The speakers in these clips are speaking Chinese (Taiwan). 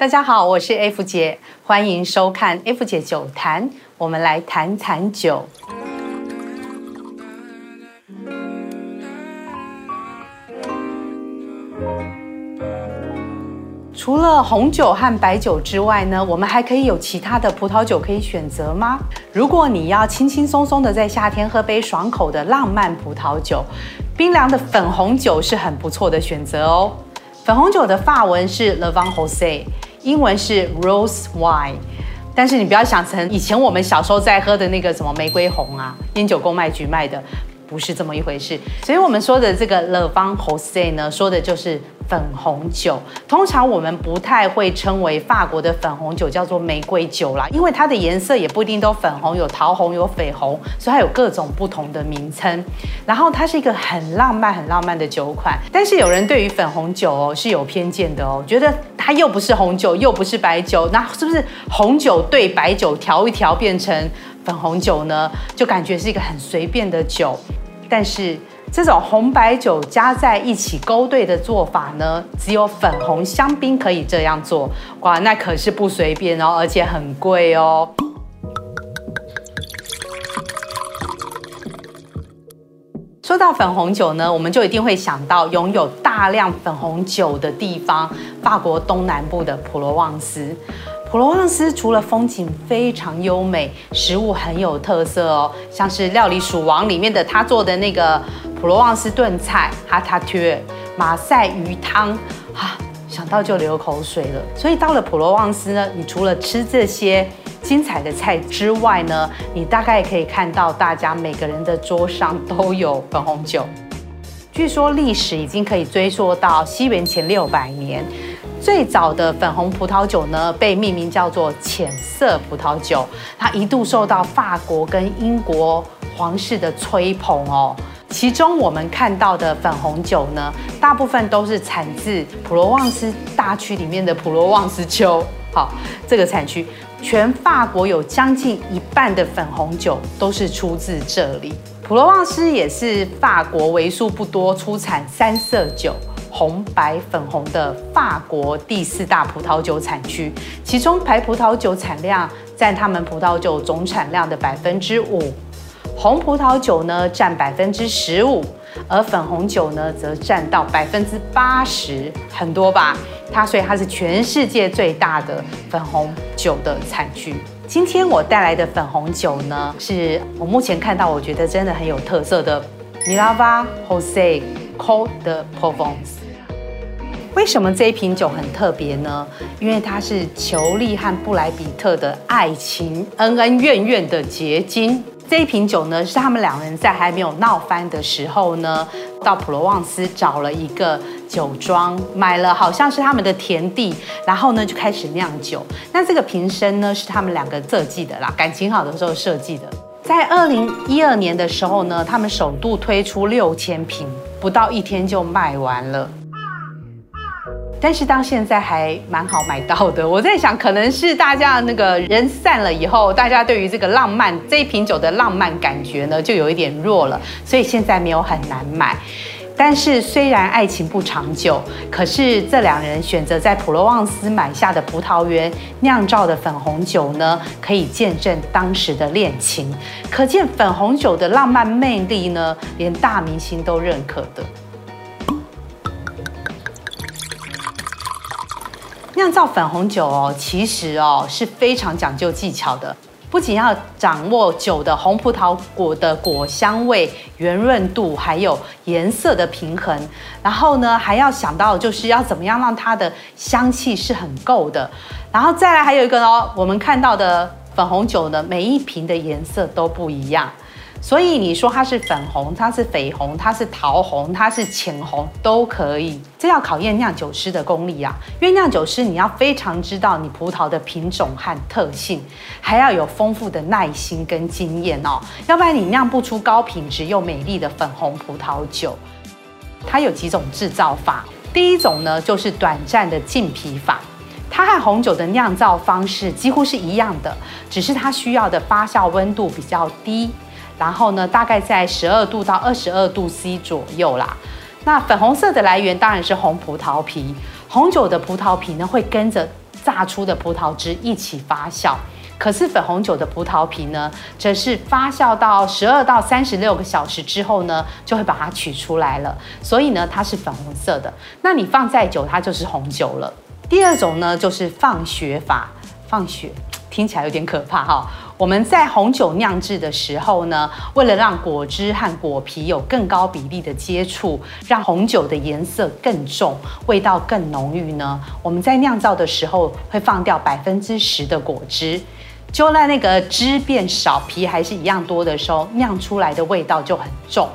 大家好，我是 F 姐，歡迎收看 F 姐酒談。我們來談談酒。除了紅酒和白酒之外呢，我們還可以有其他的葡萄酒可以選擇嗎？如果你要輕輕鬆鬆的在夏天喝杯爽口的浪漫葡萄酒，冰涼的粉紅酒是很不錯的選擇哦。粉紅酒的法文是 Le Vin Rosé。英文是 rose wine，但是你不要想成以前我們小時候在喝的那個什麼玫瑰紅啊，菸酒公賣局賣的，不是這麼一回事。所以我們說的這個 le vin rosé 呢，說的就是。粉紅酒，通常我們不太會稱為法國的粉紅酒，叫做玫瑰酒啦，因為它的顏色也不一定都粉紅，有桃紅，有緋紅，所以它有各種不同的名稱。然後它是一個很浪漫、很浪漫的酒款，但是有人對於粉紅酒哦、喔、是有偏見的哦、喔，覺得它又不是紅酒，又不是白酒，那是不是紅酒兌白酒調一調變成粉紅酒呢？就感覺是一個很隨便的酒，但是。這種紅白酒加在一起勾兌的做法呢，只有粉紅香檳可以這樣做。哇，那可是不隨便哦，而且很貴哦。說到粉紅酒呢，我們就一定會想到擁有大量粉紅酒的地方——法國東南部的普羅旺斯。普羅旺斯除了風景非常優美，食物很有特色哦，像是《料理鼠王》裡面的他做的那個。普羅旺斯燉菜，哈塔切，馬賽魚湯，啊，想到就流口水了。所以到了普羅旺斯呢，你除了吃這些精彩的菜之外呢，你大概可以看到大家每個人的桌上都有粉紅酒。據說歷史已經可以追溯到西元前六百年，最早的粉紅葡萄酒呢，被命名叫做淺色葡萄酒，它一度受到法國跟英國皇室的吹捧哦。其中我們看到的粉紅酒呢，大部分都是產自普羅旺斯大區裡面的普羅旺斯丘。好，這個產區全法國有將近一半的粉紅酒都是出自這裡。普羅旺斯也是法國為數不多出產三色酒（紅、白、粉紅）的法國第四大葡萄酒產區，其中白葡萄酒產量佔他們葡萄酒總產量的百分之五。紅葡萄酒呢，占百分之十五，而粉紅酒呢則占到百分之八十，很多吧？它，所以它是全世界最大的粉紅酒的產區。今天我帶來的粉紅酒呢，是我目前看到我覺得真的很有特色的米拉巴 Rosé Côtes de Provence。為什麼這一瓶酒很特別呢？因為它是裘莉和布萊比特的愛情恩恩怨怨的結晶。這一瓶酒呢，是他們兩人在還沒有鬧翻的時候呢，到普羅旺斯找了一個酒莊，買了好像是他們的田地，然後呢就開始釀酒。那這個瓶身呢，是他們兩個設計的啦，感情好的時候設計的。在二零一二年的時候呢，他們首度推出六千瓶，不到一天就賣完了。但是到現在還蠻好買到的。我在想，可能是大家那個人散了以後，大家對於這個浪漫這一瓶酒的浪漫感覺呢，就有一點弱了，所以現在沒有很難買。但是雖然愛情不長久，可是這兩人選擇在普羅旺斯買下的葡萄園釀造的粉紅酒呢，可以見證當時的戀情。可見粉紅酒的浪漫魅力呢，連大明星都認可的。釀造粉紅酒哦，其實哦是非常講究技巧的，不僅要掌握酒的紅葡萄果的果香味、圓潤度，還有顏色的平衡，然後呢還要想到就是要怎麼樣讓它的香氣是很夠的，然後再來還有一個哦，我們看到的粉紅酒呢，每一瓶的顏色都不一樣。所以你說它是粉紅，它是緋紅，它是桃紅，它是，是淺紅都可以，這要考驗釀酒師的功力啊！因為釀酒師你要非常知道你葡萄的品種和特性，還要有豐富的耐心跟經驗哦，要不然你釀不出高品質又美麗的粉紅葡萄酒。它有幾種製造法，第一種呢就是短暫的浸皮法，它和紅酒的釀造方式幾乎是一樣的，只是它需要的發酵溫度比較低。然後呢，大概在十二度到二十二度 C 左右啦。那粉紅色的來源當然是紅葡萄皮，紅酒的葡萄皮呢會跟着榨出的葡萄汁一起發酵。可是粉紅酒的葡萄皮呢，則是發酵到十二到三十六個小時之後呢，就會把它取出來了，所以呢，它是粉紅色的。那你放再久，它就是紅酒了。第二種呢，就是放血法，放血聽起來有點可怕哈、哦。我們在紅酒釀制的時候呢，為了讓果汁和果皮有更高比例的接觸，讓紅酒的顏色更重，味道更濃郁呢，我們在釀造的時候會放掉百分之十的果汁。就讓那個汁變少，皮還是一樣多的時候，釀出來的味道就很重。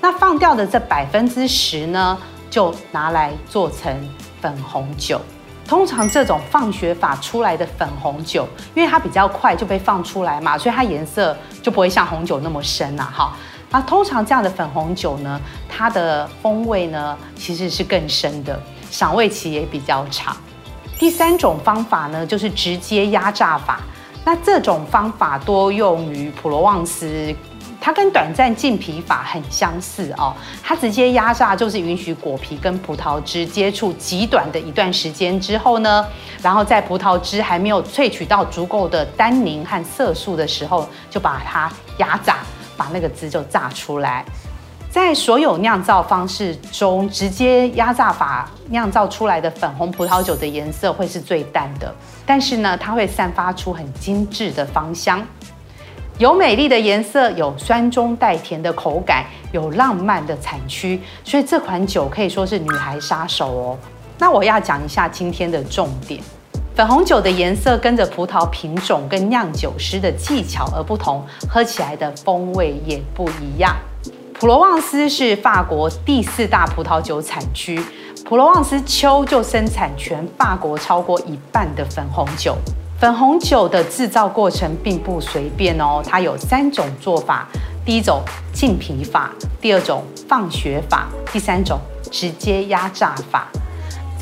那放掉的這百分之十呢，就拿來做成粉紅酒。通常這種放血法出來的粉紅酒，因為它比較快就被放出來嘛，所以它顏色就不會像紅酒那麼深了啊哈。那通常這樣的粉紅酒呢，它的風味呢其實是更深的，賞味期也比較長。第三種方法呢，就是直接壓榨法，那這種方法多用於普羅旺斯。它跟短暫浸皮法很相似哦，它直接壓榨就是允許果皮跟葡萄汁接觸極短的一段時間之後呢，然後在葡萄汁還沒有萃取到足夠的單寧和色素的時候，就把它壓榨，把那個汁就榨出來。在所有釀造方式中，直接壓榨法釀造出來的粉紅葡萄酒的顏色會是最淡的，但是呢，它會散發出很精緻的芳香。有美麗的顏色，有酸中帶甜的口感，有浪漫的產區，所以這款酒可以說是女孩殺手哦。那我要講一下今天的重點：粉紅酒的顏色跟着葡萄品種跟釀酒師的技巧而不同，喝起來的風味也不一樣。普羅旺斯是法國第四大葡萄酒產區，普羅旺斯丘就生產全法國超過一半的粉紅酒。粉紅酒的製造過程並不隨便哦，它有三種做法：第一種浸皮法，第二種放血法，第三種直接壓榨法。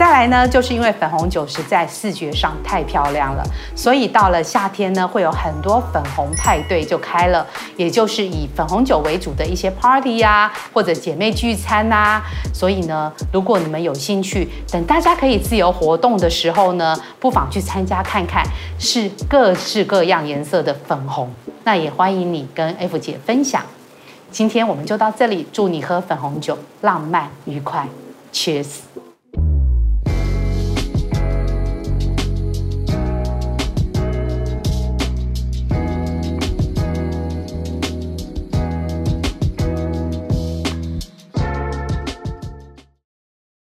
再來呢，就是因為粉紅酒實在視覺上太漂亮了，所以到了夏天呢，會有很多粉紅派對就開了，也就是以粉紅酒為主的一些 party 啊，或者姐妹聚餐啊。所以呢，如果你們有興趣，等大家可以自由活動的時候呢，不妨去參加看看，是各式各樣顏色的粉紅。那也歡迎你跟 F 姐分享。今天我們就到這裡，祝你喝粉紅酒浪漫愉快。Cheers。